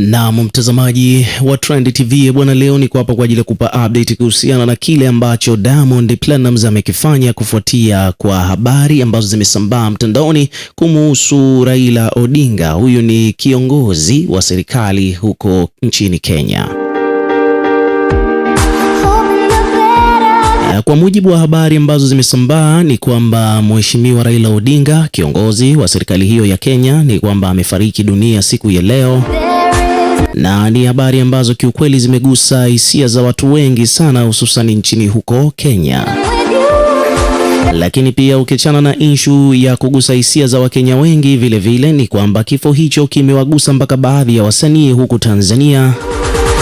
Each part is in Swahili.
Naam, mtazamaji wa Trend TV bwana, leo niko hapa kwa ajili ya kupa update kuhusiana na kile ambacho Diamond Platinumz amekifanya kufuatia kwa habari ambazo zimesambaa mtandaoni kumuhusu Raila Odinga. Huyu ni kiongozi wa serikali huko nchini Kenya. Kwa mujibu wa habari ambazo zimesambaa ni kwamba Mheshimiwa Raila Odinga, kiongozi wa serikali hiyo ya Kenya, ni kwamba amefariki dunia siku ya leo na ni habari ambazo kiukweli zimegusa hisia za watu wengi sana, hususan nchini huko Kenya. Lakini pia ukiachana na inshu ya kugusa hisia za Wakenya wengi, vile vile ni kwamba kifo hicho kimewagusa mpaka baadhi ya wasanii huku Tanzania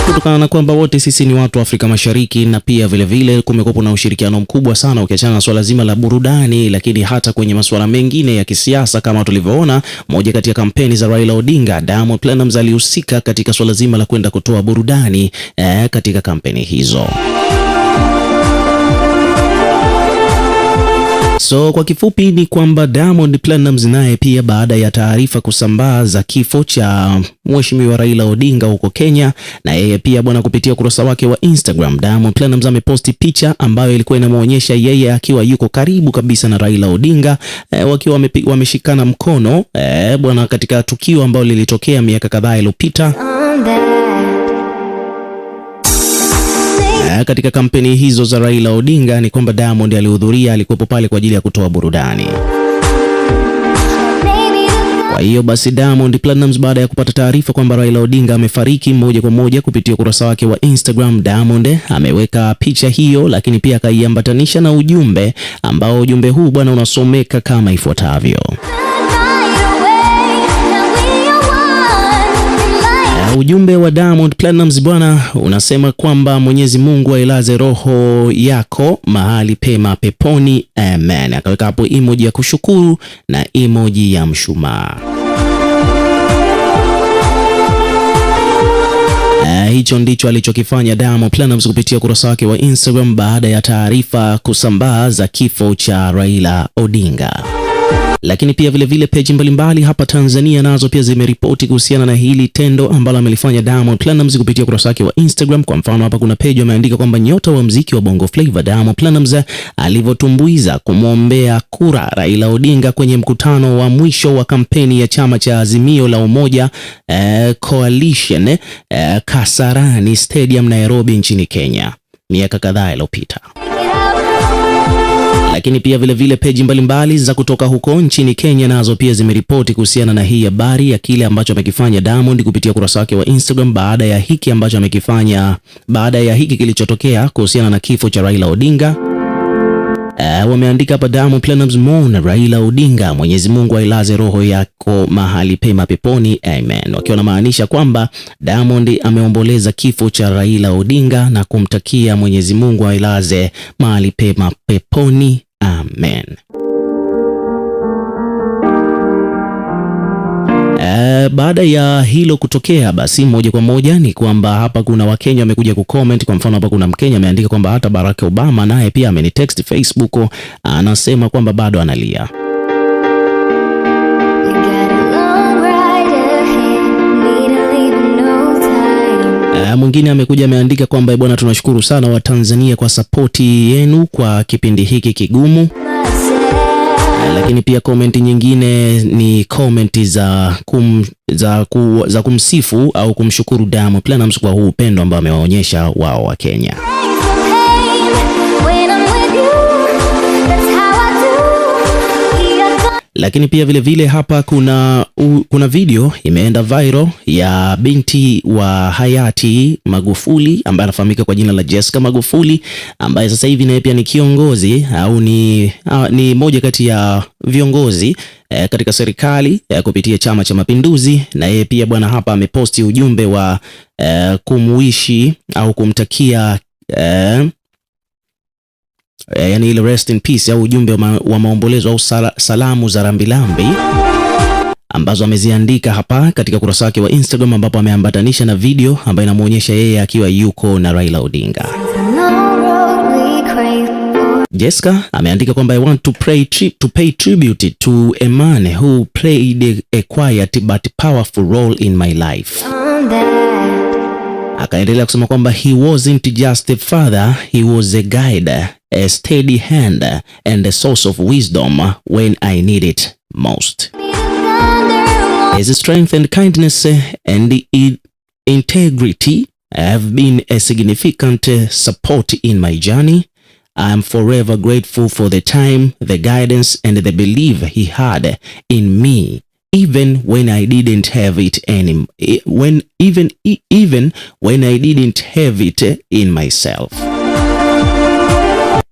kutokana na kwamba wote sisi ni watu wa Afrika Mashariki na pia vilevile kumekuwa na ushirikiano mkubwa sana, ukiachana na swala zima la burudani, lakini hata kwenye masuala mengine ya kisiasa kama tulivyoona, moja kati ya kampeni za Raila Odinga, Diamond Platnumz alihusika katika swala zima la kwenda kutoa burudani eh, katika kampeni hizo. So kwa kifupi ni kwamba Diamond Platnumz naye pia baada ya taarifa kusambaa za kifo cha Mheshimiwa Raila Odinga huko Kenya, na yeye pia bwana, kupitia ukurasa wake wa Instagram, Diamond Platnumz ameposti picha ambayo ilikuwa inamwonyesha yeye akiwa yuko karibu kabisa na Raila Odinga e, wakiwa wameshikana mkono e, bwana, katika tukio ambalo lilitokea miaka kadhaa iliyopita. katika kampeni hizo za Raila Odinga ni kwamba Diamond alihudhuria, alikuwepo pale kwa ajili ya kutoa burudani. Kwa hiyo basi Diamond Platnumz baada ya kupata taarifa kwamba Raila Odinga amefariki, moja kwa moja kupitia ukurasa wake wa Instagram Diamond ameweka picha hiyo, lakini pia akaiambatanisha na ujumbe ambao ujumbe huu bwana unasomeka kama ifuatavyo. Ujumbe wa Diamond Platinumz bwana unasema kwamba Mwenyezi Mungu ailaze roho yako mahali pema peponi, amen. Akaweka hapo emoji ya kushukuru na emoji ya mshumaa. Eh, hicho ndicho alichokifanya Diamond Platnumz kupitia ukurasa wake wa Instagram baada ya taarifa kusambaa za kifo cha Raila Odinga. Lakini pia vilevile peji mbalimbali hapa Tanzania nazo pia zimeripoti kuhusiana na hili tendo ambalo amelifanya Diamond Platnumz kupitia ukurasa wake wa Instagram. Kwa mfano, hapa kuna peji ameandika kwamba nyota wa mziki wa Bongo Flava Diamond Platnumz alivyotumbuiza kumwombea kura Raila Odinga kwenye mkutano wa mwisho wa kampeni ya chama cha Azimio la Umoja eh, Coalition eh, Kasarani Stadium Nairobi nchini Kenya miaka kadhaa iliyopita. Lakini pia vilevile peji mbalimbali za kutoka huko nchini Kenya nazo pia zimeripoti kuhusiana na hii habari ya kile ambacho amekifanya Diamond kupitia ukurasa wake wa Instagram baada ya hiki ambacho amekifanya, baada ya hiki kilichotokea kuhusiana na kifo cha Raila Odinga. Uh, wameandika hapa Diamond Platnumz Mo na Raila Odinga, Mwenyezi Mungu ailaze roho yako mahali pema peponi, amen, wakiwa wanamaanisha kwamba Diamond ameomboleza kifo cha Raila Odinga na kumtakia Mwenyezi Mungu ailaze mahali pema peponi, amen. Eh, baada ya hilo kutokea basi moja kwa moja ni kwamba hapa kuna Wakenya wamekuja kucomment. Kwa mfano hapa kuna Mkenya ameandika kwamba hata Barack Obama naye pia amenitext Facebook, anasema kwamba bado analia. Eh, mwingine amekuja ameandika kwamba eh, bwana, tunashukuru sana Watanzania kwa sapoti yenu kwa kipindi hiki kigumu. Lakini pia komenti nyingine ni komenti za, kum, za, ku, za kumsifu au kumshukuru Diamond Platnumz kwa huu upendo ambao amewaonyesha wao wa Kenya. Lakini pia vile vile hapa kuna, u, kuna video imeenda viral ya binti wa hayati Magufuli ambaye anafahamika kwa jina la Jessica Magufuli ambaye sasa hivi naye pia ni kiongozi au ni, a, ni moja kati ya viongozi e, katika serikali e, kupitia Chama cha Mapinduzi, na yeye pia bwana hapa ameposti ujumbe wa e, kumuishi au kumtakia e, eh, yani ile rest in peace au ujumbe wa, ma, wa maombolezo au sala, salamu za rambirambi ambazo ameziandika hapa katika kurasa wake wa Instagram ambapo ameambatanisha na video ambayo inamuonyesha yeye akiwa yuko na Raila Odinga. Jessica ameandika kwamba I want to pray to pay tribute to a man who played a quiet but powerful role in my life. Akaendelea kusema kwamba he wasn't just a father, he was a guide, a steady hand and a source of wisdom when I need it most. His strength and kindness and integrity have been a significant support in my journey. I am forever grateful for the time, the guidance and the belief he had in me even when I didn't have it any when even even when I didn't have it in myself.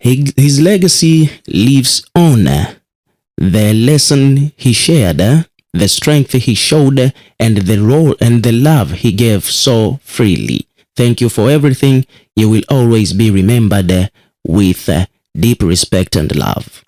His legacy lives on. The lesson he shared, the strength he showed, and the role and the love he gave so freely. Thank you for everything. You will always be remembered with deep respect and love.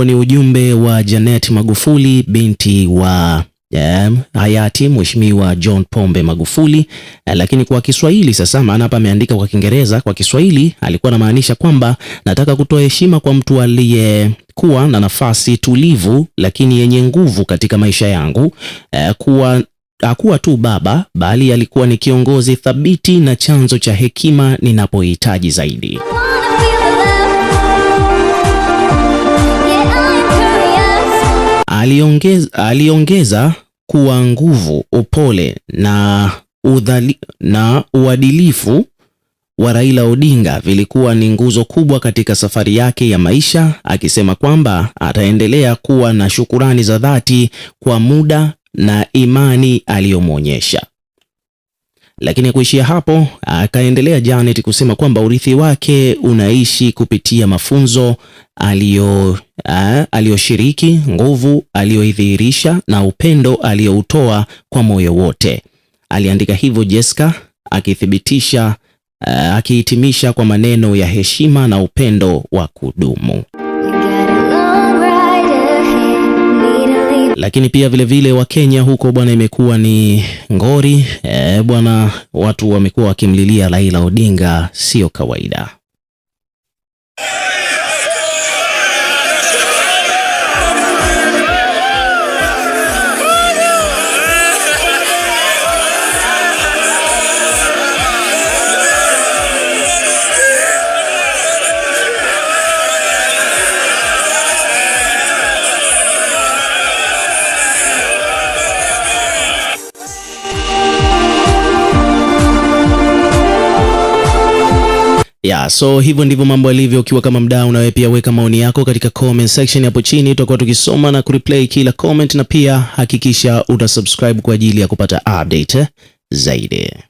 huo ni ujumbe wa Janet Magufuli binti wa Yeah, hayati Mheshimiwa John Pombe Magufuli. Eh, lakini kwa Kiswahili sasa, maana hapa ameandika kwa Kiingereza, kwa Kiswahili alikuwa anamaanisha kwamba nataka kutoa heshima kwa mtu aliyekuwa na nafasi tulivu lakini yenye nguvu katika maisha yangu. Eh, kuwa hakuwa tu baba bali alikuwa ni kiongozi thabiti na chanzo cha hekima ninapohitaji zaidi. Aliongeza, aliongeza kuwa nguvu, upole na, udhali, na uadilifu wa Raila Odinga vilikuwa ni nguzo kubwa katika safari yake ya maisha, akisema kwamba ataendelea kuwa na shukurani za dhati kwa muda na imani aliyomwonyesha. Lakini kuishia hapo, akaendelea Janet kusema kwamba urithi wake unaishi kupitia mafunzo aliyo aliyoshiriki, nguvu aliyoidhihirisha na upendo aliyoutoa kwa moyo wote. Aliandika hivyo Jessica akithibitisha, akihitimisha kwa maneno ya heshima na upendo wa kudumu. lakini pia vilevile Wakenya huko bwana, imekuwa ni ngori e, bwana, watu wamekuwa wakimlilia Raila Odinga, sio kawaida. Yeah, so hivyo ndivyo mambo yalivyo. Ukiwa kama mdau, na wewe pia weka maoni yako katika comment section hapo chini, tutakuwa tukisoma na kureplay kila comment, na pia hakikisha utasubscribe kwa ajili ya kupata update zaidi.